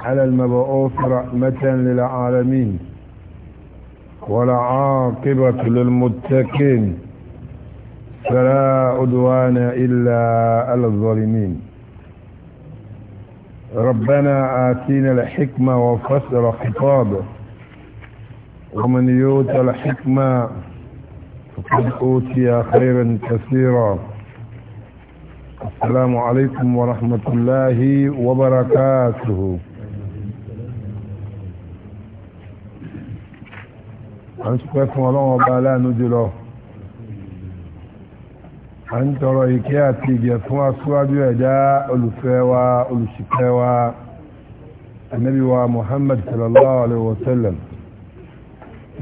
على المبعوث رحمة للعالمين ولا عاقبة للمتقين فلا عدوان إلا على الظالمين ربنا آتينا الحكمة وفسر خطابه ومن يوت الحكمة فقد أوتي خيرا كثيرا السلام عليكم ورحمة الله وبركاته à ń sọpẹ́ fún ọlọ́wọ́n ọba aláàánú jùlọ à ń tọrọ ìkẹ́ àti ìgẹ̀ fún aṣíwájú ẹ̀dá olùfẹ́ wa olùṣìkẹ́ wa ànábì wa Muhammad sallallahu alaihi wa sallam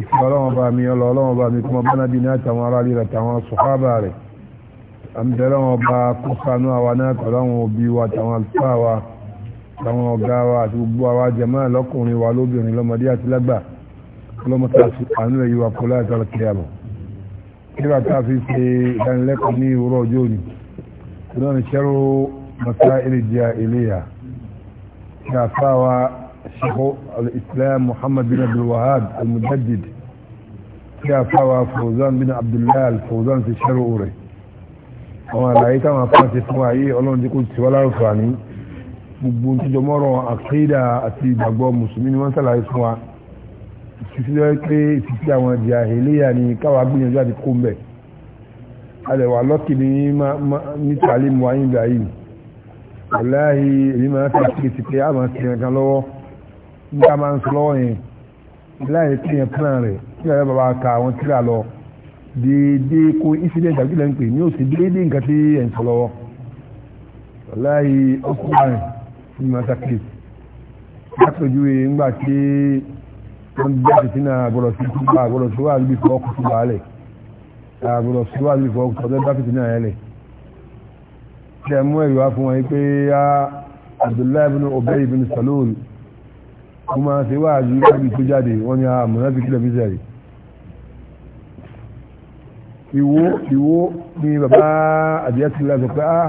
ìfẹ́ ọlọ́wọ́n ọba mi ọlọ́ ọlọ́wọ́n ọba mi kọ́mọ bánábì ní àtàwọn ará rí àtàwọn sọ̀hábà rẹ̀ à ń bẹ̀rẹ̀ wọn ọba kó àwa náà tọ̀láwọn òbí wa àtàwọn àlùfáà wa àtàwọn ọ̀gá wa àti gbogbo àwa jàmáà lọ́kùnrin wa lóbìnrin lọ́mọdé àti lágbàá ọlọ́mọ tá a fi àánú ẹ̀ yíwa kọ́ láti ọ̀rọ̀ kí a lọ. kíra tá a fi ṣe ìdánilẹ́kọ̀ọ́ ní òwúrọ̀ ọjọ́ òní ìdánwò ní sẹ́rù mọ̀tá ìrìjìyà ìléyà kí a fà wá ṣekú al-islam muhammad bin abdul wahab al-mujaddid kí a fà wá fòzán bin abdullahi al-fòzán ti sẹ́rù rẹ̀. àwọn àlàyé táwọn afáàṣẹ fún wa yìí ọlọ́run ti kó tiwa lárúfààní gbogbo ntújọmọ́rọ̀ àkídà àti ìgbàgbọ́ mùsùlùmí ni wọ́n sàlàyé fún wa títí lọ́wọ́ pé títí àwọn ìjà ìléyà ni káwà gbìyànjú àti kó mbẹ̀ adẹ̀wà lọ́kì ní nítàlí mọ́ ayé ìgbà yìí wàláhì èyí máa ń fi àkíyè sí pé a máa ń sin ẹ̀kan lọ́wọ́ níta máa ń sọ lọ́wọ́ yẹn láì pé yẹn plan rẹ̀ kí ọ̀rẹ́ bàbá ka àwọn tíra lọ déédé kó incident àbí kílẹ̀ ń pè ní òsì déédé nǹkan tí ẹ̀ ń sọ lọ́wọ́ wàláhì ọkùnrin ni máa ń sàkíyè sí wọ́n gbé àtìsí náà àgbọ̀dọ̀ sí túbà àgbọ̀dọ̀ sí wà níbi fọ́ kù túbà lẹ̀ àgbọ̀dọ̀ sí wà níbi fọ́ kù tọ́jọ́ dáfìsí náà yẹn lẹ̀ ṣe mú ẹ̀rí wá fún wọn yìí pé yá Abdullahi ibn Ubay ibn Salul wọ́n máa ṣe wà ní ibi tó jáde wọ́n ní àmúnáfi ìwó ìwó ni bàbá àdìyàtì láti pé á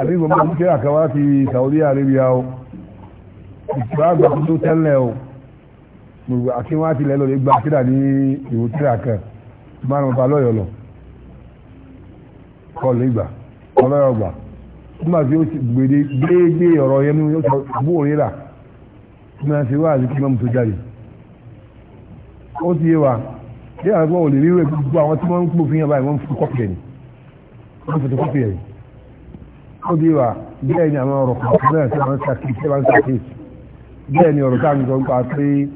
àbí ìwọ̀n máa ń kí àkàwá ti Saudi Arabia o ìtura àgbà tó tẹ́lẹ̀ o gbogbo àti wọn àti ilẹ̀ lọ́lẹ̀ gba tíra ní ìwò tíra kan márùn-ún ba lọ́yọ̀ lọ kọlù ìgbà ọlọ́yọ̀ gbà nígbà tí ó ti gbèdé déédéé ọ̀rọ̀ yẹn ní ọ̀sọ̀ àbúrò rírà ní a ti wá àti kí mọ́mú tó jáde ó ti yé wa bí àwọn ọgbọ́n ò lè rírò gbogbo àwọn tí wọ́n ń pòfin yẹn báyìí wọ́n ń fi kọ́pì ẹ̀ ní wọ́n fi tó kọ́pì ẹ̀ ní ó ti yé wa bẹ́ẹ̀ ni àwọn ọ̀rọ̀ kọ̀ọ̀kan náà tí wọ́n ń sàkíyèsí bẹ́ẹ̀ ni ọ̀rọ̀ táwọn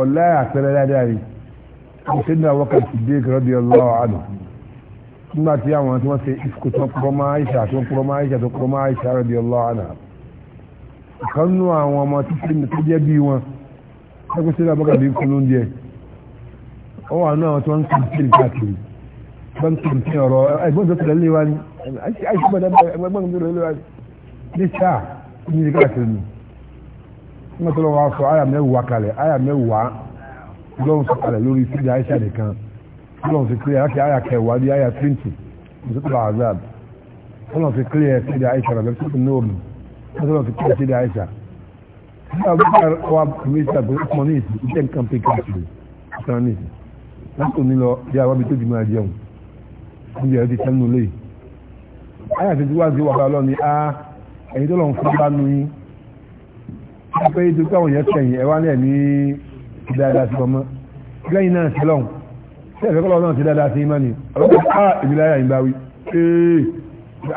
ọ̀la àpẹẹrẹ dáadáa rí ìṣẹ́dùn àwọ́kà Siddiq radiyallahu anhu nígbà tí àwọn tí wọ́n ṣe ìfikò tí wọ́n kúrọ́ máa Aisha tí wọ́n kúrọ́ máa Aisha tó kúrọ́ máa Aisha radiyallahu anha kan nú àwọn ọmọ títí tó jẹ́ bí wọn ẹgbẹ́ sẹ́dùn àwọ́kà bí kú lóúnjẹ ó wà nú àwọn tí wọ́n ń kìrìtì káàkiri wọ́n ń kìrìtì ọ̀rọ̀ mọ́tò lọ́wọ́ sọ àyà mẹ́wàá kalẹ̀ àyà mẹ́wàá lọ́wọ́ sọ kalẹ̀ lórí sídìí àyíṣà nìkan lọ́wọ́ sì kílẹ̀ láti àyà kẹwàá di àyà twenty mọ́tò azab lọ́wọ́ sì kílẹ̀ sídìí àyíṣà rẹ̀ lọ́wọ́ sì nóòmù lọ́wọ́ sì kílẹ̀ sídìí àyíṣà. àyà tó ti wá sí wàhálà lọ́ni a ẹ̀yin tó lọ́n fún bá nu yín pé ètò pé àwọn èèyàn sẹ́yìn ẹ̀ wá lẹ̀ ní dáadáa sí ọmọ lẹ́yìn náà sí lọ́hùn sí ẹ̀fẹ́ kọ́lọ́ náà sí dáadáa sí imá ni ọlọ́pàá á ìbílẹ̀ ayà ìgbà wí ee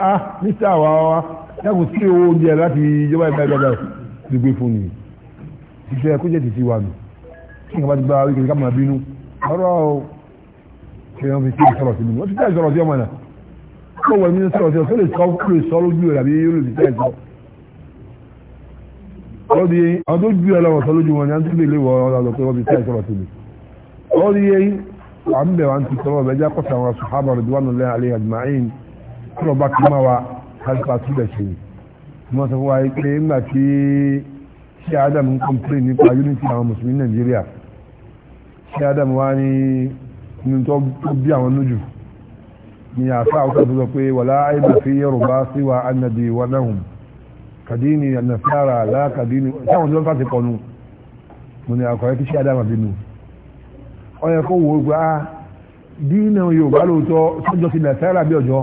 á ah, mr wa wa yàgò sí owó oúnjẹ láti ìjọba ìgbà ìgbà ti gbé fún mi ìṣe ẹ̀kọ́ jẹ́ títí wa nù kí nǹkan bá ti gba wí kiri ká máa bínú ọ̀rọ̀ ṣe wọ́n fi sí ìsọ̀rọ̀ sí mi wọ́n ti tẹ́ ìsọ̀rọ̀ sí ọmọ náà kó wọ́n lọ́dí yẹn àwọn tó ju ẹlọ́wọ̀ sọ lójú wọn ni a ń tún lè léwọ́ ọ̀rọ̀ lọ pé wọ́n ti tẹ́ ìṣọ́rọ̀ sí mi lọ́dí yẹn à ń bẹ̀ wá ń ti sọ́rọ̀ ọ̀bẹ jẹ́ kọ́sà àwọn sùhábà rẹ̀ wà nílẹ̀ alẹ́ àjùmáyìn tí wọ́n bá ti máa wa kárípa túbẹ̀ ṣe wọ́n sọ fún wa pé nígbà tí ṣé Adam ń kọ́mpléè nípa unity àwọn mùsùlùmí Nàìjíríà ṣé Adam wá ní inú tó bí àwọn lójú ni àfa àwọn sọ pé wàlá àìbà fi Yorùbá síwá kàdíní ànàfàrà aláàkàdíní táwọn tó ń fàṣẹ pọ̀ nù mo ní àkọ́rẹ́ kí ṣe adama bínú ọ yẹ kó wo gba dínà yorùbá lóòótọ́ sọ́jọ́ sí nàfàrà bí ọjọ́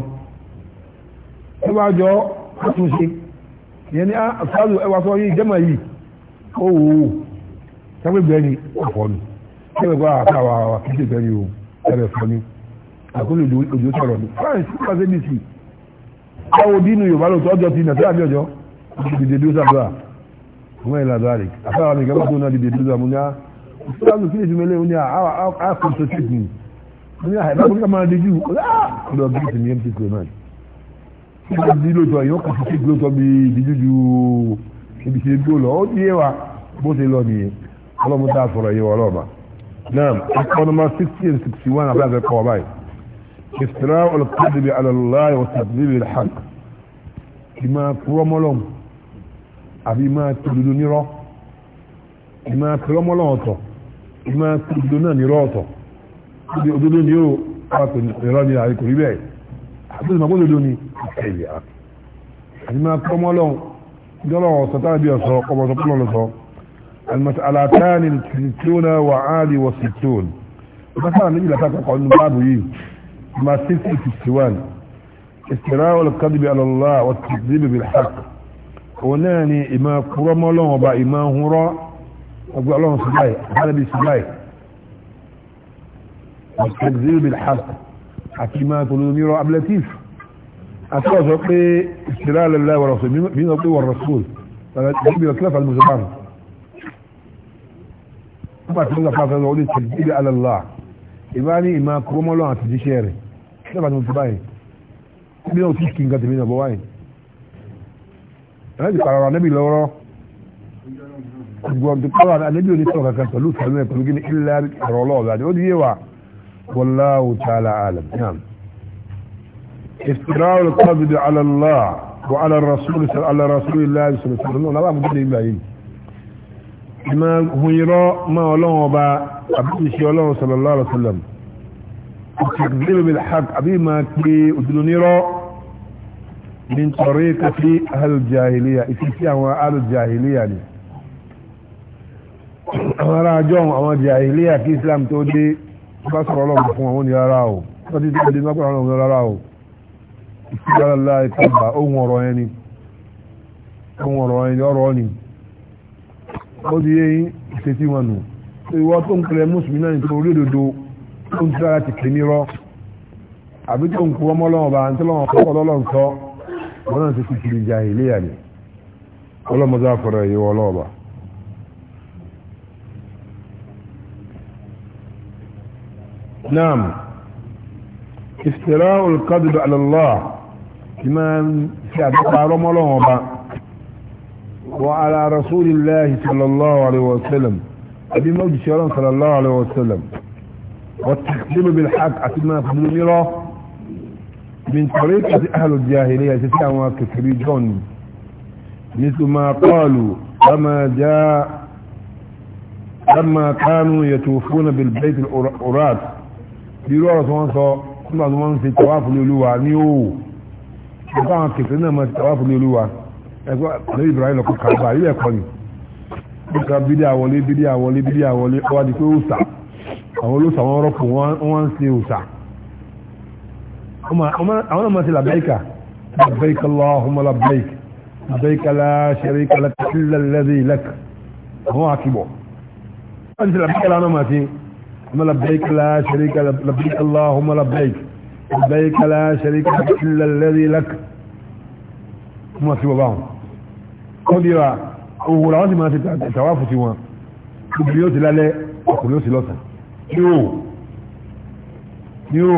tó bá jọ ó tún ṣe ìyẹn ní àṣàlù ẹwà sọ yìí jẹ́mọ̀ yìí ó wò ó sábẹ́ bẹ́ẹ̀ ni ọ̀pọ̀ nù ẹgbẹ́ gba àtàwà wà kí ṣe bẹ́ẹ̀ ni o ẹ̀rẹ̀ fọ́ ni àkóso òjò sọ̀rọ̀ ni france pàṣẹ bìsì káwọ́ dínà yorùbá lóòótọ́ ọjọ́ ti nàfàrà bí ọjọ́ dìde dúsà bá wọ́n yìí ládọ́ àrè àfáwọn mi gbọ́dọ̀ náà dìde dúsà mú ní á ìsìlámù kí ni ìsinmi lẹ́yìn ní àkùn tó tìkù mú ní àìbá kó ní ká máa dé jù ọ̀dọ̀ bí ìsinmi mc clement kí ni ìdí lóòótọ́ yìí wọ́n kà sí kíkì lóòótọ́ bí ìdíjú ju ibi ṣe gbó lọ ó yé wa bó ṣe lọ nìyẹn ọlọ́mú tá a sọ̀rọ̀ yìí wọ́n lọ́ọ̀ma náà ẹ̀kọ́ nọmba sixty and sixty one abẹ́rẹ́ kọ́ ọ báyìí ìsìlámù ọ̀lọ́kadìbì alàlá ìwọ̀sàdìbì ìlhàk ìmọ̀ kúrọ́mọ́lọ́mù àbí máa tó dodo nírọ́ ìmọ̀ àtọ́lọ́mọ́lọ́ ọ̀tọ̀ ìmọ̀ àtọ́dodo náà nírọ́ ọ̀tọ̀ òdodo ni ó ìrọ́ ni àríkò rí bẹ́ẹ̀ àbúrò ìmọ̀ òdodo ni ìkẹyẹ àti máa tọ́mọ́lọ́ ìjọba ọ̀sọ̀ táwọn ibi ọ̀sọ̀ ọmọọ̀sọ̀ pọ̀ lọ́sọ̀ alátàní tìtìtìónà wà áàlì wọ sìtìón ìbására méjì látàkọ̀ kọ́ nínú báàbù yìí ma 651 ìsìnrá olùkọ́dìbì alọ́lá wọ́n ti dìbì bìlhàkì òun náà ni ìmọ̀ kúrọ́ mọ́ ọlọ́run ọba ìmọ̀ ahúnrọ́ ọgbẹ́ ọlọ́run sí báyìí àbábí sí báyìí ọ̀sẹ̀dìrì bìí hàp àti ìmọ̀ tòlómírọ̀ ablatif àti ọ̀sọ̀ pé ìṣẹ̀lá lẹ́lẹ́ wọ̀rọ̀sọ̀ mi sọ pé wọ̀rọ̀sọ̀l níbi ọ̀kí lọ́fà lóṣù bá nígbà tí wọ́n gbà fáfẹ́ lọ́wọ́ lè tẹ̀lé ìmọ̀ kúrọ́mọ́lọ́ ẹ̀rẹ́dì pàrọ̀rọ̀ anẹ́bì lọ́rọ́ gbọ́n tó pàrọ̀ anẹ́bì ò ní sọ̀rọ̀ kankan pẹ̀lú sàmì ẹ̀ pẹ̀lú gíní ilẹ̀ ọ̀rọ̀ ọlọ́ọ̀dà ó di yé wa wallahu ta'ala alam naam istirahul qabdi ala Allah wa ala rasul ala rasulillah sallallahu alaihi wasallam nabamu gidi ba yi ma hunyiro ma Ọlọ́run ọba àbí ṣe Ọlọ́run sallallahu alaihi wasallam takdhibu bil haqq àbí ma pe òdodo min tariqati ahlul jahiliya ìfìsí àwọn ahlul jahiliya ni àwọn ará ajọ́ àwọn jahiliya kí islam tó dé bá sọ̀rọ̀ ọlọ́run fún àwọn ní rárá o wọ́n ti dé bá sọ̀rọ̀ ọlọ́run rárá o ìfìdára láì kábà ohun ọ̀rọ̀ ẹni ohun ọ̀rọ̀ ẹni ọ̀rọ̀ ni ó di yẹ́yìn ìfẹ́tí wọn nù ìwọ tó ń kẹlẹ̀ mùsùlùmí náà nítorí orí òdodo tó ń tíra láti kì í àbí tó ń kú ọmọ ọlọ́run bá ń tẹ́lọ́wọ́n kọ́kọ́ lọ́lọ́run sọ ولا تكتب الجاهلية fi kiri jahiliya ni ọlọ́mọdé نعم افتراء الكذب على الله كما الله رمضان وعلى رسول الله صلى الله عليه وسلم أبي موجي شيران صلى الله عليه وسلم والتكذيب بالحق أتما فضل ميرا من طريقة أهل الجاهلية تتعوى كفري جون مثل ما قالوا لما جاء لما كانوا يتوفون بالبيت الأوراد بيروا رسول الله كما زمان في التواف الألوة نيو يقعوا كفرنا ما التواف الألوة يقول إبراهيم لكم كعبا يقول nípa bídí àwọlé bídí àwọlé bídí àwọlé ọwádìí pé òòsà àwọn olóòsà wọn rọ́pò wọ́n ń ṣe òòsà àwọn ọmọ sí labẹ́ríkà labẹ́ríkà lọ́hùnmọ́ labẹ́ríkà labẹ́ríkà láṣẹ́ríkà lẹ́lẹ́dẹ́ ilẹ̀k àwọn akíbọ̀ wọ́n sí labẹ́ríkà lánà máa sí ọmọ labẹ́ríkà láṣẹ́ríkà labẹ́ríkà lọ́hùnmọ́ labẹ́ríkà labẹ́ríkà láṣẹ́ríkà lẹ́lẹ́dẹ́ ilẹ̀k wọ́n sí bàbá wọn kọ́ bí wa òwúrọ̀ àwọn sì máa ti tàwáfù sí wọn obìnrin yóò ti lálẹ́ ọkùnrin yóò ti lọ́sàn-án ní ò ní ò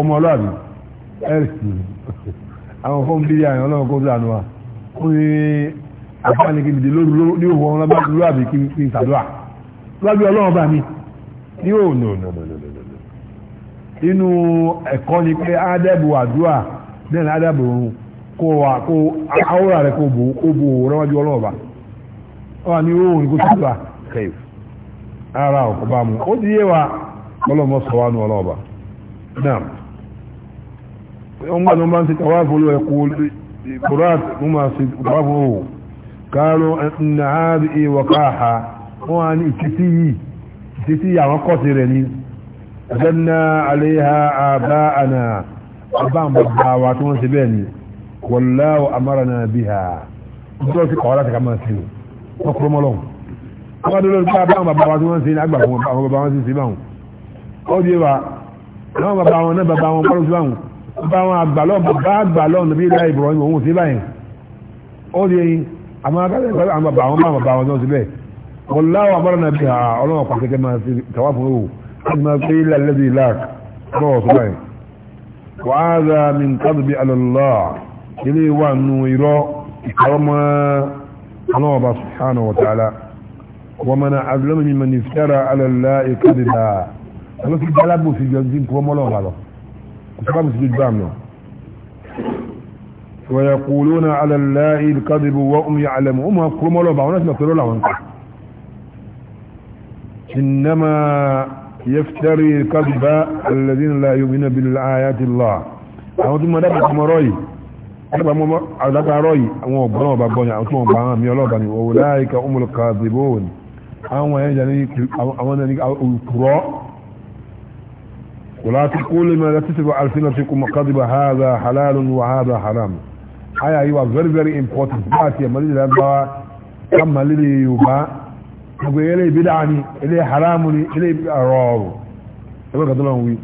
ọmọ ọlọ́àbí ẹ̀rìsì àwọn fún bí àyàn ọlọ́run kó sànú wa ó ní àfáàní kí nìdí lóru ní òwò àbí kí n sàdúrà ọlọ́run bá mi ní ò nò nò nò nò inú ẹ̀kọ́ ni pé àdúrà náà òun kó kó àwòrán rẹ̀ kó bò ó rẹ́wájú ọlọ́run bá wà ní ní wọ́n gbà tó máa ń ṣe tàwáfò lọ ẹ̀kọ́ kùrát wọ́n máa ṣe tàwáfò òwò káró ẹ̀nà àárí ìwọ̀ káàhà wọ́n á ní ìtìsí yìí ìtìsí àwọn kọ́sì rẹ̀ ni ẹ̀dẹ́nà àléhà àbá àná àbá àbá wa tó wọ́n ṣe bẹ́ẹ̀ ni wọ́láwọ̀ amárànà bí ha ìjọ́ sí kọ̀ọ́ láti ká bá wọn àgbàlọ́ bá àgbàlọ́ nàbí ilá Ibrahim òun sí báyìí ó di àwọn akẹ́kọ̀ọ́ àwọn bàbá wọn bá bàbá wọn náà síbẹ̀ wọn láwọn abọ́dọ̀ náà bí ọlọ́wọ́ pàkẹ́kẹ́ máa ti tàwa fún òwò láti máa pé ilẹ̀ lẹ́bi ilák lọ́wọ́ sí báyìí wà á ra mi nǹkan bí alọ́lá ilé wà nù irọ́ ìkọ́mọ́ ọlọ́wọ́ bá subhanahu كتاب الجبام ويقولون على الله الكذب وهم يعلمون هم كلهم لو بعوناش نقولوا لهم إنما يفتري الكذب الذين لا يؤمنون بالآيات الله àwọn tí mo dábàá tí mo rọ́yì dábàá mo àdábàá rọ́yì àwọn ọ̀gbọ́n ọba gbọ́nyà àwọn tí wọ́n bá hàn mí ọlọ́ọ̀bà ni òwò láìka umul kadhibun àwọn ẹ̀yìn jẹ́ ní àwọn olùkùrọ́ ولا تقول ما لا تسبع ألسنتكم قضب هذا حلال وهذا حرام هيا ايوه very very important باتي مالي لابا كما مالي يوبا يقول إليه بدعني إليه حرامني إليه أرار يبقى إيه قدرنا وي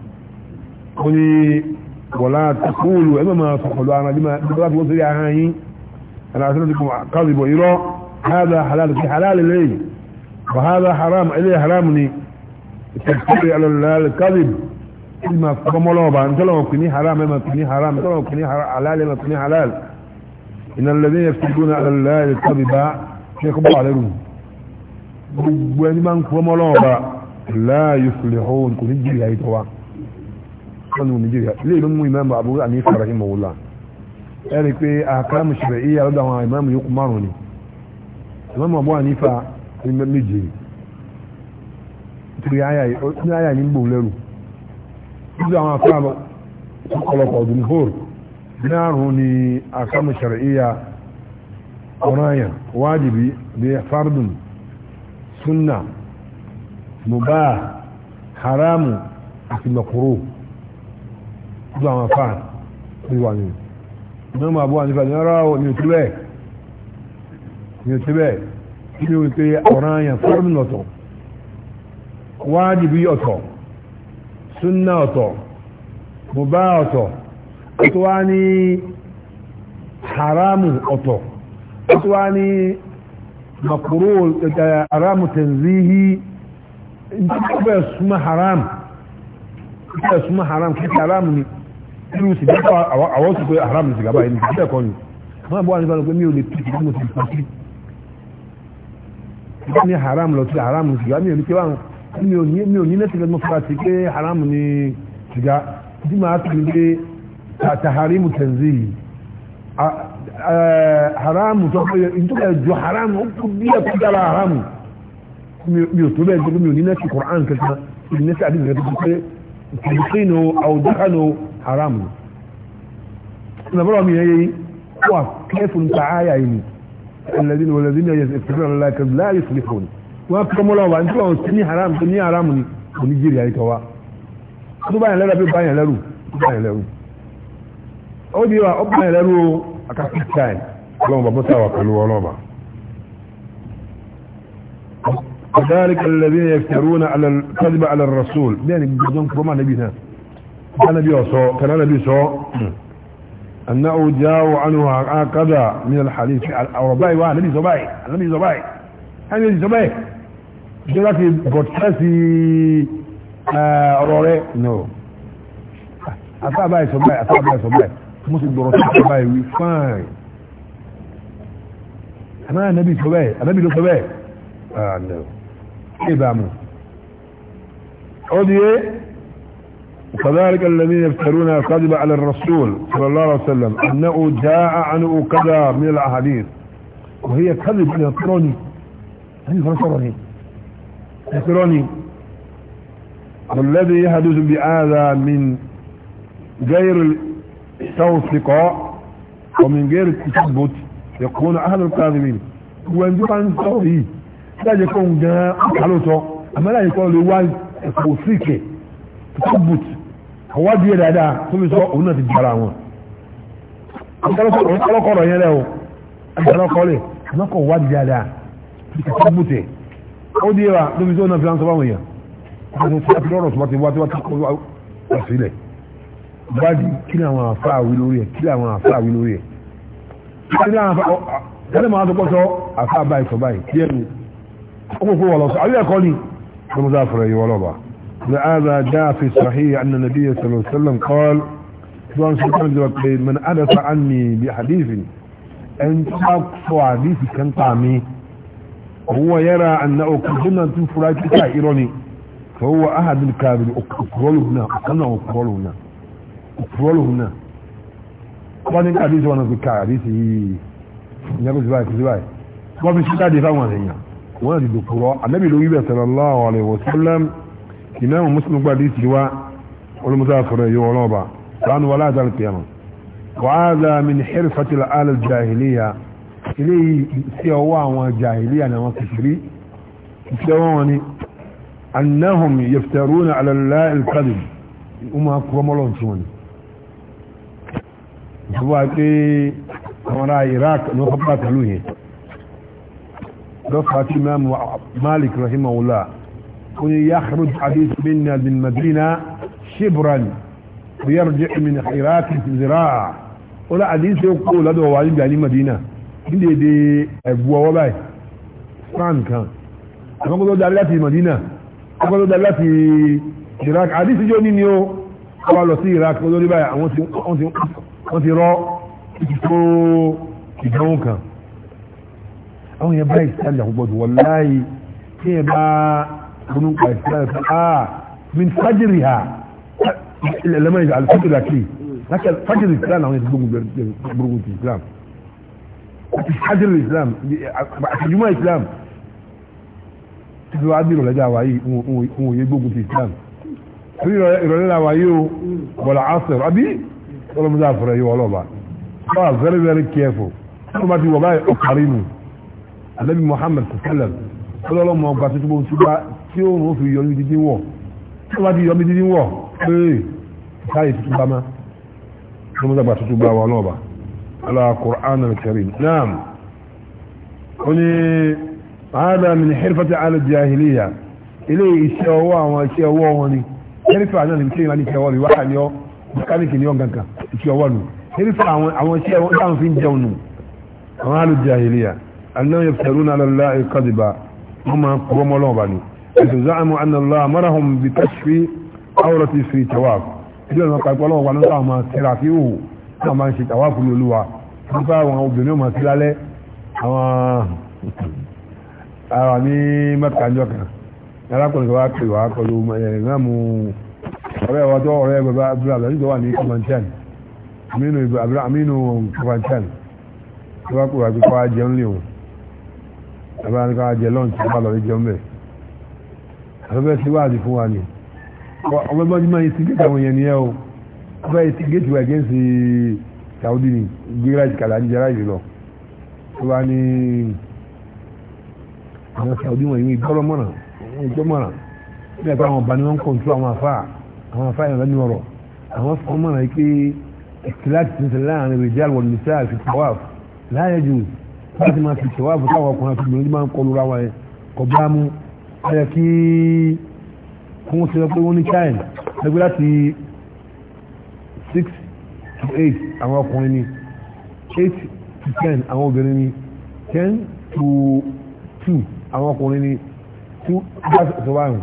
قولي ولا إيه تقول إما ما تقول أنا لما بقرات وصلي عنهي أنا أسنتكم قضب وإيرا هذا حلال في حلال إليه وهذا حرام إليه حرامني التكتير على الله الكذب ìmọ̀ kọmọlọ́ọ̀bà ntọ́lọ́wọ̀n kìíní haram ẹ̀mọ̀ kìíní haram ntọ́lọ́wọ̀n kìíní halal ẹ̀mọ̀ kìíní halal iná lẹ́dẹ́ yẹ fìdí gbóná alẹ́lẹ́ yẹ tọ́bi bá ṣe kọ́ bọ́ alẹ́ rù gbogbo ẹni máa ń kọmọlọ́ọ̀bà láàyè fìlẹ̀ hóun kò ní jìrì àyè tó wa wọ́n ní Nàìjíríà ilé ìlú mú ìmáàmù Abu Hanifa rahimahullah ẹ rí i pé àkàmù ṣẹlẹ̀ iye àlọ́dọ̀ àwọn ìmáàmù yòókù márùn-ún ni ìmáàmù Abu Hanifa ní méje nítorí àyà ní gbòó lẹ́rù nígbà àwọn afáàlọ́ ọ̀pọ̀lọpọ̀ jùmhur náàrùn ni àkámù ṣàrẹ̀íyà ọ̀ráyà wájìbí bí fardun sunna mubah haramu àti makuru nígbà àwọn afáàlọ́ wíwà nínú ní ma bọ́ àníkà ní ara ní òtú bẹ́ẹ̀ ní òtú kí ni wípé ọ̀ràn yẹn ọ̀tọ̀ wájìbí ọ̀tọ̀ súnà ọ̀tọ̀ mùbá ọ̀tọ̀ ọ̀tọ̀ wá ní haramu ọ̀tọ̀ ọ̀tọ̀ wá ní makuru haramu tanzihi ìtàkùbẹ̀ súnmọ́ haram ìtàkùbẹ̀ súnmọ́ haram kí haramu ni irú sì dákọ̀ àwọn sì pé haramu sì gaba ẹni sì dẹ́kọ̀ ni wọ́n bọ́ nípa pé mi ò lè tù sí mo sì pàṣí ní haram lọ sí haramu sì gaba mi ò ní pé wọ́n mi ò ní mi ò ní lẹ́sìn lẹ́nu fúra sí pé haram ni sìgá tí màá sì ní pé tàhàrímù tẹ̀nzí haramu tó kọ́ ìtúkọ̀ ẹ̀jọ̀ haramu ó kú bí ẹ̀kú dára haramu mi ò tó bẹ́ẹ̀ jẹ́ pé mi ò ní lẹ́sìn Qur'an kankan mi ò ní lẹ́sìn àdìsí kankan pé tẹ̀síkínú àwùjákánú haramu. Nàbọ̀rọ̀ mi yẹ yẹ wà kẹ́fù ń ta áyà yìí ni. الذين والذين يستكبرون لا يفلحون wọn kọ́ mọ́lọ́ wa nítorí wọn ní haram ní haram ni òní jìrì àyíká wa tó bá yẹn lẹ́rù àbí bá yẹn lẹ́rù tó bá yẹn lẹ́rù ó di wa ó bá yẹn lẹ́rù o àkàtì táì ọlọ́run bàbá táwa pẹ̀lú ọlọ́ba. وذلك الذين يفترون على الكذب على الرسول يعني بدون كما نبينا كان نبي صو كان نبي صو انه جاءوا عنه هكذا من الحديث او رباي واحد نبي زباي نبي زباي نبي زباي ṣe láti gọ̀tẹ́sì ọ̀rọ̀ rẹ̀ no àtàbà ìsọ̀bà àtàbà ìsọ̀bà mo sì gbọ̀rọ̀ sí ìsọ̀bà wí fáìn àmà ànábì ìsọ̀bà ànábì ló sọ̀bà ah no ṣe mú ó di yé وكذلك الذين يفترون الكذب على الرسول صلى الله عليه وسلم انه جاء عنه كذا من الاحاديث وهي كذب الكتروني هل فرصرني ìsirọ́ni الذي يحدث بهذا من غير التوثيق ومن غير التثبت يكون أهل الكاذبين وان دي كان سوري لا يكون جاء حلوته أما لا يكون لواي توثيق تثبت هو دي لا دا ثم سوى هنا في الجرامة أنت لا قرأ يا له أنت لا قرأ ما قوة دي لا دا تثبته ó dé wa lóbi tí ó náà fi ránṣẹ́ fáwọn èèyàn ọdún tí a fi lọ́rọ̀ sọ́wọ́ ti wá tí wá tí kọ́ wá sílẹ̀ báyìí kí ni àwọn àfa àwí lórí ẹ̀ kí ni àwọn àfa àwí lórí ẹ̀ kí ni àwọn àfa tẹ́lẹ̀ máa tó pọ́sọ́ àfa báyìí sọ báyìí kí ẹnu ó wà lọ́sọ àwí ẹ̀kọ́ ni tó ń dá fọ̀rọ̀ yìí wọ́lọ́ba لهذا جاء في صحيح أن النبي صلى الله عليه وسلم قال سبحان الله من أدفع عني بحديث أن تقصوا حديث كان طعمي هو يرى أن أكرهنا تنفرات كائرني فهو أحد الكابر أكرهنا هنا أنا أكرهنا هنا أكرهنا هنا wọ́n ní àdíjì wọn fi ká àdíjì yìí ìyẹ́kùn síbáyì sí síbáyì wọ́n fi ṣíkàdé fáwọn èèyàn wọ́n ti dòkú rọ ànábì ló wíbẹ̀ sallallahu alaihi wasallam ìmáàmù mùsùlùmí gba àdíjì wa olùmùsà sọ̀rọ̀ èyí wọn lọ́ba sànù wàlá àdàlù pìyàmù wàhálà min hirfatil alal jahiliya eléyìí sí ọwọ́ àwọn ọjà ilé àwọn kìfìrí ìṣẹ́ wọn ni annahum yaftaruna ala Allahi al-kadhib wọ́n máa kúrọ́ mọ́lọ̀ tí wọ́n ni ìjọba pé àwọn ará Iraq ní wọ́n bá tẹ̀lú yẹn lọ́fà tí Malik rahimahullah ó ní yakhruj hadith minna bin Madina shibran ويرجع من Iraq zira'a ó lá àdíṣe kó lọ́dọ̀ wà nígbà Madina nílé èdè ẹ̀bù ọwọ́ báyìí fran kan àwọn kó tó darí láti Madina àwọn kó tó darí láti Iraq àdìsí jọ ní ni ó wà lọ sí Iraq kó tó rí báyìí àwọn wọ́n ti rọ́ ìtò ìdánwò kan àwọn yẹn báyìí sí àjà púpọ̀ jù wọ́n láàyè tí yẹn bá ronú pa ìsìláyà fún a min fajiri ha ilẹ̀ lẹ́mọ̀ ìgbà alifajiri àkìlì fajiri ìsìláyà làwọn yẹn ti gbógun ti ìsìláyà àti hajjil islam àtijúmọ́ uh, islam títí wàá bí ìrọ̀lẹ́jà wáyé ń wòye gbógun ti islam torí ìrọ̀lẹ́jà wáyé o bọ̀lá asẹ̀rọ̀ àbí ọlọ́mọdé àfẹ́rẹ́ yìí ọlọ́ba wọ́n very very careful wọ́n bá ti wọ̀ báyìí ó kárí nù alẹ́bí muhammad sallam ọlọ́mọ ọgbà tó túbọ̀ tí bá tí ó rún fi yọ ní dídí wọ̀ tí wọ́n bá ti yọ ní dídí wọ̀ pé káyé tuntun bá má ọlọ́mọdé àgbà على القرآن الكريم نعم وني هذا من حرفة على الجاهلية إليه الشواء والشواء وني حرفة أنا نمتين على الشواء واحد يوم مكانك اليوم كان الشواء نو حرفة عن الشواء كان فين جونو. على الجاهلية أنهم يفترون على الله كذبا هم قوم الله بني زعموا أن الله مرهم بكشف عورة في تواف إذا ما قال الله وأنا ما ترى náà máa ń ṣe tàwa fún olúwa nípa àwọn obìnrin ọmọ sí lálẹ́ àwọn ara ní mẹ́tàkànjọ kan alákùnrin kan wá pè wá kọlu ìmáàmù ọ̀rẹ́ wa tó ọ̀rẹ́ bàbá abdulhamid tó wà ní kamantan aminu aminu kamantan tó wá pè wá pé kọ́wá jẹun lè wọn bàbá ní kọ́wá jẹ lọ́ọ̀tì tó bá lọ rí jẹun bẹ́ẹ̀ àfẹ́fẹ́ sí wáàdì fún wa ni ọmọ ẹgbẹ́ ọdún máa ń kíkà wọn yẹn nìyẹn o ọba yìí gẹ́tì wà gẹ́sì saudi ni gíráàjì kàlà ní gíráàjì lọ tó bá ní àwọn saudi wọn yìí gbọ́dọ̀ mọ̀nà wọn jọ mọ̀nà bí ẹ̀ka àwọn ọba ni wọ́n ń kọ̀ǹtú àwọn afá àwọn afá yẹn lẹ́nu ọ̀rọ̀ àwọn fọ́n mọ̀nà yìí pé ìtìláàtì ti ń ṣẹlẹ̀ láàrin rìjàl wọn nìṣẹ́ àti tawaf láyé jù láti máa fi tawaf táwọn ọkùnrin àti obìnrin máa ń kọlu ra wọn kọ bá mú ayẹ kí wọ́n ti six to eight àwọn ọkùnrin ni eight to ten àwọn obìnrin ni ten to two àwọn ọkùnrin ni two bá sọ̀rọ̀ àrùn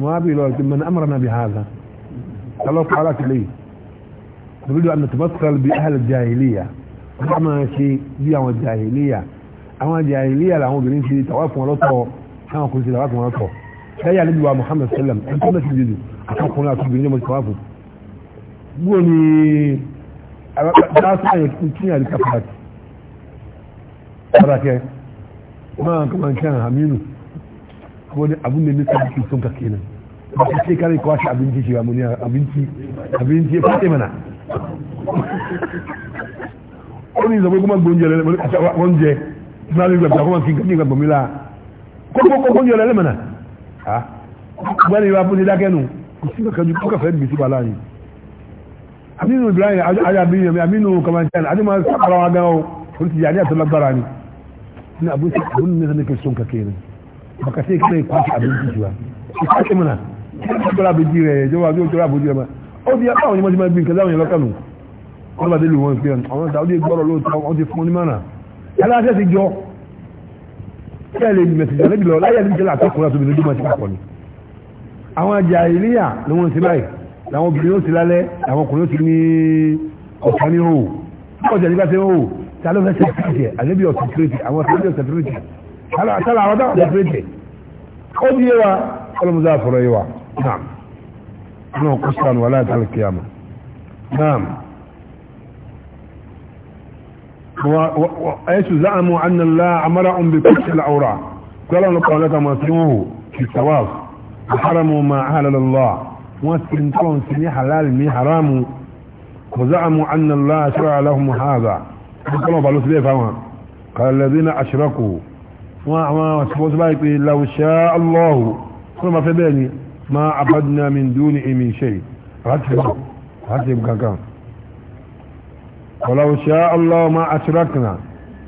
wọ́n á bí lọ́wọ́ tí mọ̀ amara náà bí hàzà tálọ́pàá alákìlẹ̀ tòbídò àmì tòmọ́tòrò bí ahàlẹ̀ jahiliya wọ́n á máa ṣe bí àwọn jahiliya àwọn jahiliya làwọn obìnrin ṣe tàwa fún ọlọ́tọ̀ táwọn kò ṣe tàwa fún ọlọ́tọ̀ lẹ́yìn àlejò wa Muhammad sallam ẹni tó mẹ́sì jù àtọkùnrin àti obìnrin ní ọmọ tàwa fún gbogbo ni dáásá yẹ kí yàrá ká pàtì ọ̀rọ̀kẹ́ máa kama n kyan haminu wani abin da nisa da kisan ka kenan ba ka ce kare kwashe abinci ce ba mu ne abinci abinci ya fate mana wani zama kuma gonje lalle wani kasa gonje na ne gaba kuma kin kin gaba mila ko ko ko gonje lalle mana ha bani ba bu ni da kenu ku suka kaju kuka fa bi su balani aminu ibrahim ajabiyu mi aminu kamantan adi ma sakara wa gawo kun ti jani ato lagbara ni ina abun sai abun ne zan ke son ka kene baka sai kai kwashi abin ji ba ki kwashi mana tora bi jire je wa zo tora bo jire ma o di apa oni mo ti ma bi nkan lawon lo kanu o ba de lu won fiyan àwọn da o di gboro lo to ti fún ni mana ala se ti jo ya le mi message ale bi lo la ya ni je la to ko la to bi ni du ni àwọn ti báyìí làwọn obìnrin ó ti lálẹ́ làwọn ọkùnrin ó ti ní ọ̀sán ní hò ọ̀sẹ̀ nígbà tí ó hò tí a ló fẹ́ ṣe tìrìtì àlébí ọ̀sẹ̀ tìrìtì àwọn ọ̀sẹ̀ ọ̀sẹ̀ tìrìtì sálà àwọn dáhùn ọ̀sẹ̀ tìrìtì ó di yé wa ọlọ́mọdé àfọ̀rọ̀ yé wa naam náà kó sànù wà láti àlùkí àmà naam záàmù wọ́n ti ń tọ́ sí ní halal ní haramu kò záàmù annalá aṣọ́ra aláhùn haza wọ́n tọ́lọ̀ bá ló sílẹ̀ fáwọn kàlẹ́bí na aṣọ́rakù wọ́n àwọn ṣùgbọ́n tó báyìí pé láwùṣá allahu fún ma fẹ́ bẹ́ẹ̀ ni ma abadna min duni imi ṣe láti kankan kọláwùṣá allahu ma aṣọ́rakùnà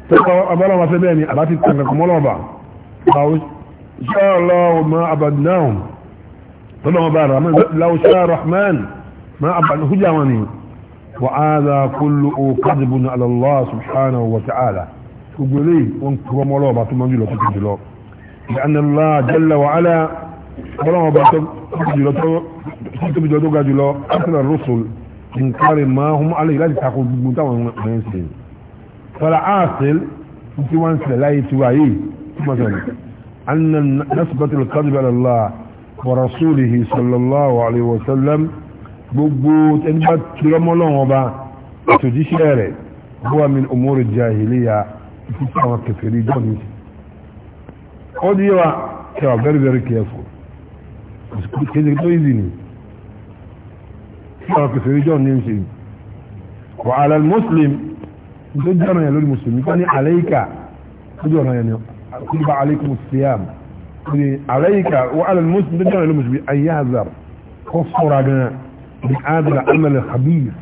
tó kọ́ abọ́lọ́ ma fẹ́ bẹ́ẹ̀ ni àbá ti tẹ̀kọ̀kọ́ mọ́lọ́ ba láwùṣá allahu ma abadnahum ثم بار لو شاء الرحمن ما أبعد هجا وني وعاذا كل كذب على الله سبحانه وتعالى تقولي وانت رمولو باتو مانجلو تتجلو لأن الله جل وعلا ولما باتو تتجلو تتجلو تتجلو أكثر الرسل من قال ما هم عليه لازم تقول بمتاوى منسل فلا عاصل انت لا يتوائي ثم أن نسبة الكذب على الله ورسوله صلى الله عليه وسلم بقبوت ان بات رمولون وبا تجيشيري هو من امور الجاهلية تتعوى كفري جوني قد يوا كوا very very careful كذلك تو يزيني كوا كفري جوني يمشي وعلى المسلم تجرنا يا للمسلم كان عليك تجرنا يعني كتب عليكم الصيام عليك وعلى المسلم تجعل المسلم أن يهذر خفر جنا بهذا العمل الخبيث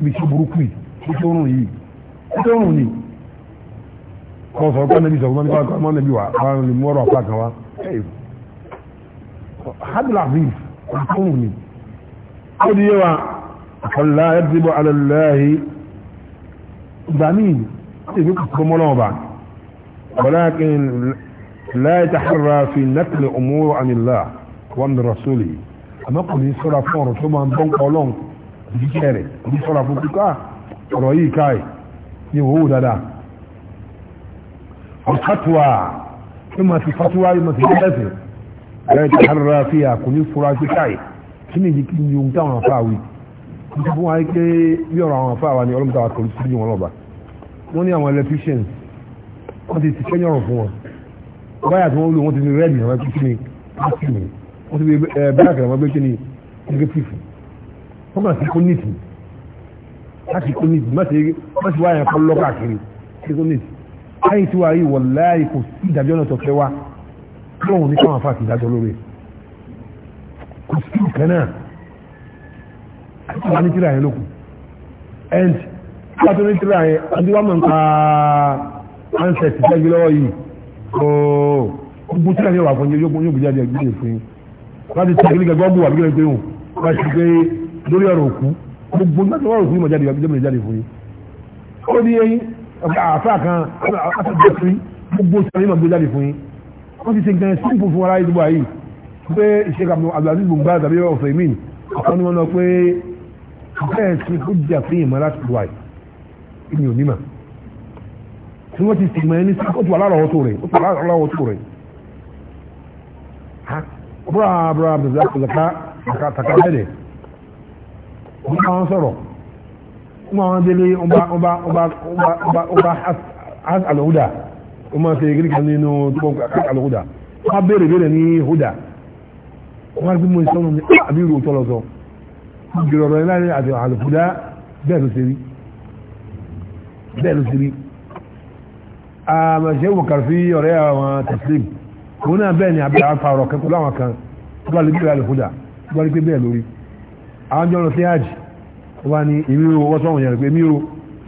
بشبركي بشوروني بشوروني kọ́ sọ pé nàbí sọ̀rọ̀ nípa ọkọ̀ ọmọ nàbí wà wọn lè mú ọ̀rọ̀ ọ̀pá kan wá hadla aviv ọ̀tún ni ó di yẹwa ọ̀la ẹ̀dìbò alẹ́lẹ́hì ìgbà míì ó lè fi kọ́ mọ́lọ́ọ̀bà ọ̀la kí لا يتحرى في نقل أمور عن الله وعن رسوله أما قل يسرى فور ثم أنبون قولون بكاري يسرى فوقك رأيي كاي يهود هذا الفتوى ثم في فتوى ثم في فتوى لا يتحرى فيها كل يسرى كاي kíni yìí kí ni ohun táwọn afá wí nítorí fún wa yìí pé bí ọ̀rọ̀ àwọn afá wa ni ọlọ́mọta wa kọ̀ọ̀lù sí wọn lọ́ba wọ́n ní àwọn electricians wọ́n ti ti kẹ́yìn ọ̀rọ̀ fún wọn báyà tí wọ́n lò wọ́n ti ní rẹ́ẹ̀dì àwọn ẹgbẹ́ kíni átìmì wọ́n ti ní báyà kẹrẹ àwọn ẹgbẹ́ kíni negative wọ́n kàn sí kónìtì láti kónìtì má ti wáyà kọ́ lọ́kà kiri sí kónìtì láyé tí wàá yí wọ̀ láyé kò sí ìdájọ́ náà tọ́fẹ́ wá lóhùn ní káwọn afá àti ìdájọ́ lórí kò sí ìkan náà àti wàá ní tíra yẹn lókun and wọ́n tó ní tíra yẹn àti wọ́n mọ̀ nǹkan ansẹ̀tì tẹ́gbẹ́ lọ́wọ́ yìí ooo gbogbo tí kàdé wà fún yín yóò gbé jáde ẹgbẹ́ fún yín láti tí kàdé gbàgbọ́ bù wà gbẹ́gbẹ́ pé hùn wá sí pé lórí ọ̀rọ̀ òkú gbogbo nígbà tí wọ́n òkú yìí mọ̀ jáde wà gbẹ́gbẹ́ jáde fún yín. ó ní eyín àfa kan àtàgbẹ́ fún yín gbogbo tí kàdé mọ̀ gbé jáde fún yín wọ́n ti ṣe nǹkan sínkù fún ara ìdúgbò ayé pé ìṣèkà abdulaziz bùnbà tàbí ọ̀sẹ̀ mí ọ̀kan ni wọ́n lọ pé bẹ́ẹ̀ tí wọ́n ti sìnmọ́ ẹni sí ó ti wà lárọ̀ ọ̀tọ̀ rẹ̀ ó ti wà lárọ̀ ọ̀tọ̀ rẹ̀ búra búra zaka taka bẹ́ẹ̀ wọ́n máa ń sọ̀rọ̀ wọ́n máa ń délé ọba ọba ọba ọba ọba alọ́húdà wọ́n máa ń ṣe gírí kan nínú tó kọ́ alọ́húdà wọ́n á béèrè béèrè ní húdà wọ́n á gbé mọ́ ìsọ́nà ní àbí ìrò tó lọ sọ gbèrò ọ̀rọ̀ ẹ̀ láàrin àti àlùfúdà bẹ́ẹ̀ ló ṣe rí bẹ́ẹ̀ ló ṣe rí àmàṣẹ́ wòkàrí sí ọ̀rẹ́ àwọn tẹ̀sílìm òun náà bẹ́ẹ̀ ni àbí àfàrọ̀ kẹ́kọ̀ọ́ láwọn kan tó bá lè gbé ìrẹ̀lẹ̀ fúdà tó bá lè pé bẹ́ẹ̀ lórí àwọn jọ lọ sí hajj tó bá ní èmi ò wọ́n sọ̀rọ̀ yẹn pé mi ò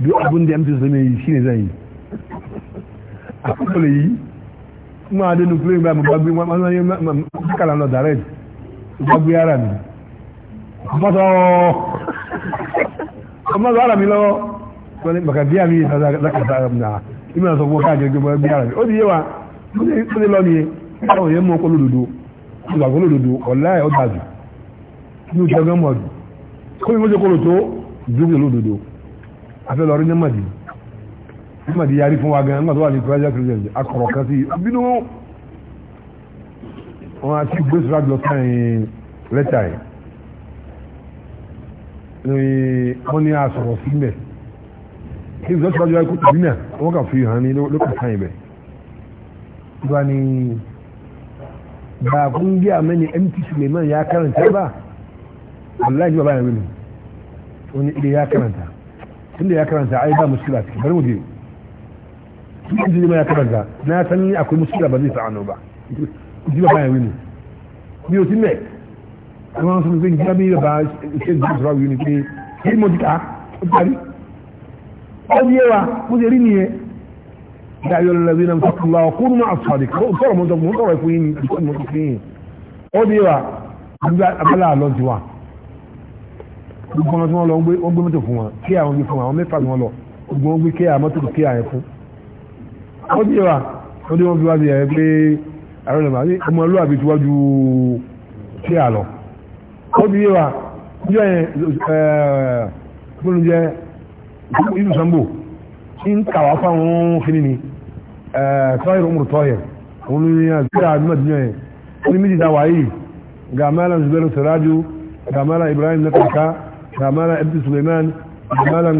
bí ọdún dẹ̀ mtc mi yìí sí nìyẹn yìí àkókò lè yí mú adénu plane bá mi bá gbé wọn ní kàlà lọ direct bá gbé ara mi bọ́sọ̀ ọmọ sọ ara mi lọ́wọ́ bàkàdíà mi yìí sọ ìmọ̀ sọ fún káàkiri gbogbo ẹgbẹ́ ara rẹ̀ ó ti yé wa ó ti lọ nìyẹn káwọn èèyàn mọ ọkọ lódodo ìgbà kó lódodo ọ̀la ẹ̀ ọ̀dà jù inú ti ọgá mọ̀ jù kó ìwé ṣe kó lò tó ìdúró lódodo afẹ́ lọ rí ní màdì màdì yarí fún wa gan nígbà tó wà ní private prison akọ̀rọ̀ kan sí bínú wọn àti gbèsè àjọ sáyẹn lẹ́tà yìí wọ́n ní asọ̀rọ̀ sílẹ̀ kí ìgbà tó wájú ikú dínà wọ́n kà fi hàn ní lókè sáyìn bẹ̀. ba ni ba kun giya mani mt suleiman ya karanta ba wallahi ba bayan wani wani ile ya karanta tunda ya karanta ai ba muskila ciki bari mu je tun ji ma ya karanta na san ni akwai muskila ba zai sa'ano ba ji ba bayan wani mi o ti mẹ àwọn sọ pé njẹ́ bí bàbá ṣe ń jù sọ́ra wí ni pé kí mo ti kà á ó parí ẹbí ẹwà mo ṣe rí nìyẹn dáyọ̀ lẹ́bí náà sọ́kùnlá ọkùnrin máa sọ̀rọ̀ sọ̀rọ̀ mọ́tò mọ́ sọ̀rọ̀ ẹ̀kọ́ yìí ní mọ́tò fi yìí ó di ẹwà abẹ́lá àlọ́ ti wà gbogbo ọmọ tí wọ́n lọ wọ́n gbé mọ́tò fún wọn kí àwọn gbé fún wọn àwọn mẹ́fà ni wọ́n lọ gbogbo wọn gbé kí àwọn mọ́tò kí àwọn fún ó di ẹwà ó di wọn fi wá di ẹ̀ pé àrùn ìmọ̀ àti ọmọ ìlú àbí tiwájú kí à lọ ó di ẹwà ọjọ́ yẹn ẹ̀ẹ́ inú sambo in kàwá fáwọn fini ni tọ́yìn umar tọ́yìn òun ni àzíra àdúmà dúnyà yẹn ní méjì dáwà yìí ga mala zubairu sirajo ga mala ibrahim na kaka ga mala ibn suleiman ga mala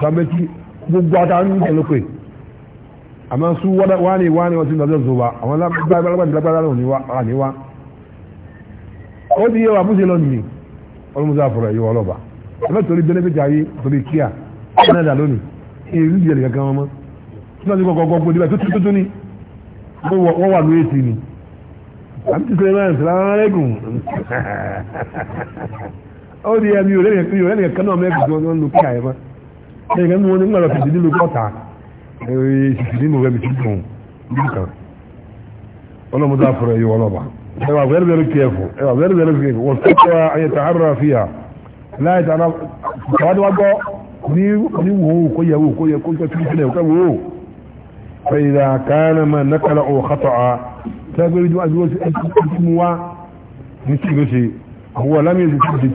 sambeki gbogbo ata ń tẹ̀lé pé àmọ́ sú wáni wáni wọ́n ti gbàgbọ́ zo wa àwọn lágbàgbà ní wa ó ti yẹ wa fún ṣe lọ nìyí ọlọ́mọdé àfọ̀rọ̀ yìí wọ́n lọ́ba ẹ̀fẹ́ torí benefit ayé torí kíá náà dà lónìí èyí ìdí ẹ̀rì kankan wọn mọ́ tí wọ́n ti kọ́kọ́ gbogbo níbẹ̀ tó tó tó ní wọ́n wà lóye tì ní. àmì ti sẹ́yìn náà sàlámù aláìkùm ó di ẹ̀mí yóò lẹ́nu yóò lẹ́nu kankan náà mẹ́rin tó ń lo kíkà yẹn mọ́ lẹ́yìn kan wọn ní gbàdọ̀ fìdí nílò kọ́ta ẹ̀rẹ́ ìsìsì nínú rẹ̀ mi ti dùn nìkan ọlọ́mọdé àfọ̀rọ̀ yìí wọ́n lọ́ba ẹwà very very careful ẹwà very very careful wọ́n sọ́kọ́ ayẹ̀tà àrùn àfíà láì tààrà tàwádìí wá gbọ́ ní wò ó kó yẹ wò kó yẹ kó yẹ tó tilẹ̀ kó wò ó fẹ̀yìlà kàánà mà nàkàlà ò xatọ̀ à sábẹ́rẹ́ ju àdúgbò sí ẹtí ẹtí mu wá ní tí ló ṣe àwọn alámìyẹ ti tó ti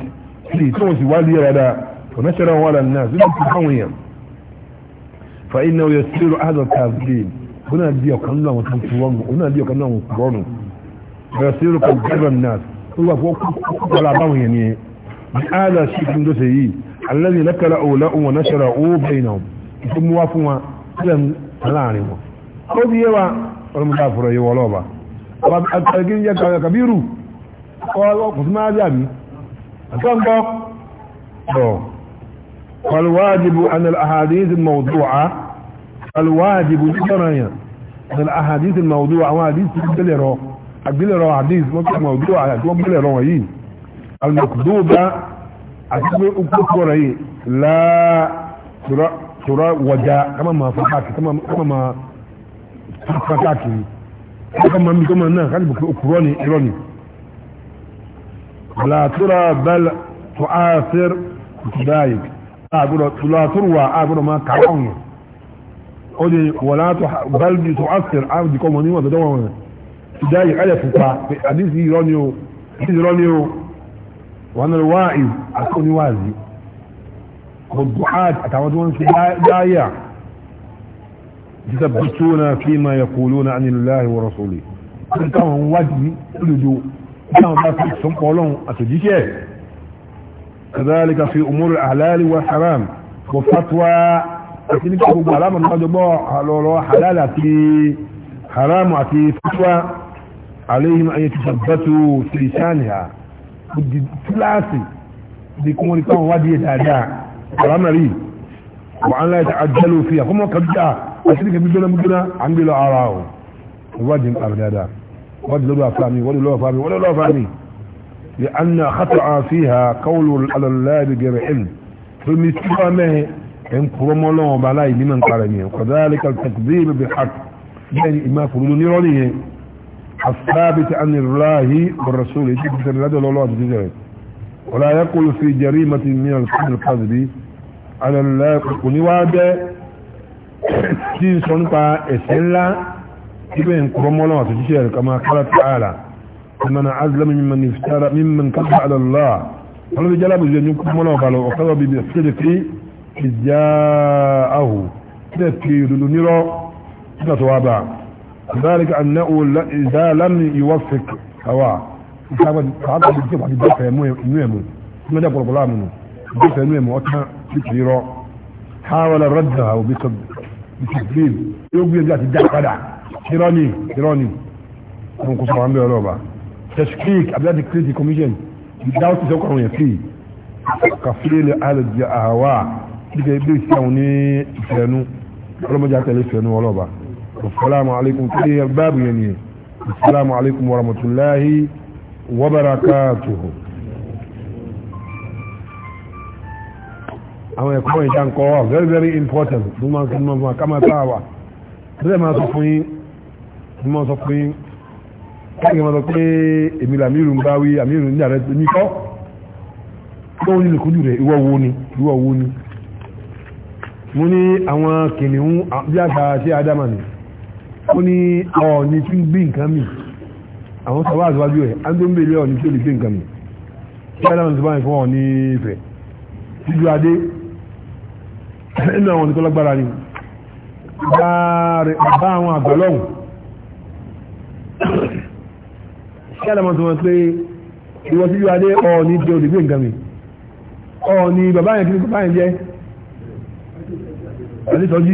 tí tó wọ́n sì wá lé yàrá wọn náà ṣẹlẹ̀ wọn àlà náà sí lóòótọ́ fáwọn yẹn fa iná yẹ sílò àdọ̀ tàbí wọn náà di ọ̀kan náà wọn tó ti wọ́n wọn náà di ọ̀kan náà wọn kúrọ́ nù yẹ sílò kọ̀ gẹ́gẹ́ náà wọn wà fọ́ kọ́kọ́ kọ́kọ́ الذي نكل أولاء ونشرعوا بينهم ثم وافوا لن تلعنوا خذ يوا والمتافر يوا لوبا التلقين يا كبير قالوا قسما جابي أتنبا فالواجب أن الأحاديث الموضوعة الواجب جدرانيا أن الأحاديث الموضوعة وحديث تقبل رو أقبل رو حديث موضوع أقبل رو المكذوبة àtúgbé òkúkú rẹ̀ yìí láàtúrọ̀ wọ̀já kama ma fa káàkiri kama ma fa káàkiri kama ma mi kama náà káàkiri bùkú òkúrọ̀ ni irọ́ ni láàtúrọ̀ bẹ́ẹ̀ tó á fẹ́r kùtùdáyì àgbọ̀dọ̀ tùlàtúrùwà àgbọ̀dọ̀ ma kàwọn yẹn ó di wọ̀lá tó bẹ́ẹ̀ tó á fẹ́r àgbọ̀dọ̀ kọ́ wọn níwọ̀n tó dọ́wọ́ wọn kùtùdáyì kálẹ̀ fúpa àdìsí irọ́ ni o àdìsí irọ́ ni o وأنا الواعظ أكون وازي والدعاة أتعودون في داية يثبتون فيما يقولون عن الله ورسوله كنتم وجهي لجوء كنتم بأسهم قولهم أتجيشي كذلك في أمور الأحلال والحرام وفتوى لكن كتبوا علامة نجبوا حلال في حرام في فتوى عليهم أن يتثبتوا في لسانها ìdí kíláàsì bí kún orí pàwọn wádìí dáadáa alámàrí wà á láyé àjẹ́lò fi àkọ́mọ́ kàdúdà àti ní kẹbíbẹ́lẹ́ múgbóná à ń gbé lọ ara ọ̀ ìwádìí ń pàmì dáadáa wádìí lọ́dọ̀ àfàmì wádìí lọ́dọ̀ àfàmì wádìí lọ́dọ̀ àfàmì lè anna xata fiha kawlu alalabi gẹrẹ ẹn tó ní sípà mẹ́hẹ ẹn kúrọ́ mọ́lọ́wọ́ bá láyé ní mọ̀ nkàrẹ̀ yẹn kọ̀dá الثابت عن الله والرسول يجب أن هذا الله بذلك ولا يقول في جريمة من الكذب على الله يقول وعد تين سنقى إسلا ابن كرمولا تجيشير كما قال تعالى ومن أظلم ممن افترى ممن كذب على الله ولو جلب جنوب كرمولا قالوا وقضى بالصدق إذ جاءه تذكير لنرى تتوابع ذلك أنه إذا لم يوفق هواه فعبد الجيب عن الدفع يميمه ما ده قرب الله منه الدفع يميمه وكما تكثيرا حاول ردها بتكذيب يقول ذات الدفع لا كيراني كيراني من قصر عن بيه لعبة تشكيك أبلاد الكريتي كوميشن الدعوة تسوقعون يفي، كفيل أهل الهواء لكي يبلي سيوني سيانو ولما جاءت إليه ولا ولعبة assalamu alaikum kiri yar babu ya ne assalamu alaikum wa rahmatullahi wa barakatuhu àwọn ẹ̀kọ́ ìjà ń kọ́ very very important ló máa ń sọ fún wa ká máa tá a wà bẹ́ẹ̀ máa sọ fún yín ló máa sọ fún yín káàkiri máa sọ pé èmi là mírù bá wí àmírù ní ààrẹ ní kọ́ tó ní lùkúdù rẹ̀ ìwọ wo ni ìwọ wo ni mo ní àwọn kìnìún bí àgbà tí adama ni ó ní àwọn ọ̀nì tí ń gbé nǹkan mi àwọn sọ̀rọ̀ àzọ́wájú ẹ̀ á ń tó ń bèèrè ọ̀nì tí ó lè gbé nǹkan mi kí aláwọn ti bá yẹn fún ọ̀nì ìfẹ́ títí adé nínú àwọn ọ̀nì tó lágbára ni bá àwọn àgbà lọ́hùn kí aláwọn ti wọ́n pé ìwọ títí adé ọ̀nì tí ó lè gbé nǹkan mi ọ̀nì bàbá yẹn kí bàbá yẹn jẹ́ àdìsọ́jí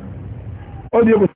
O diyor bu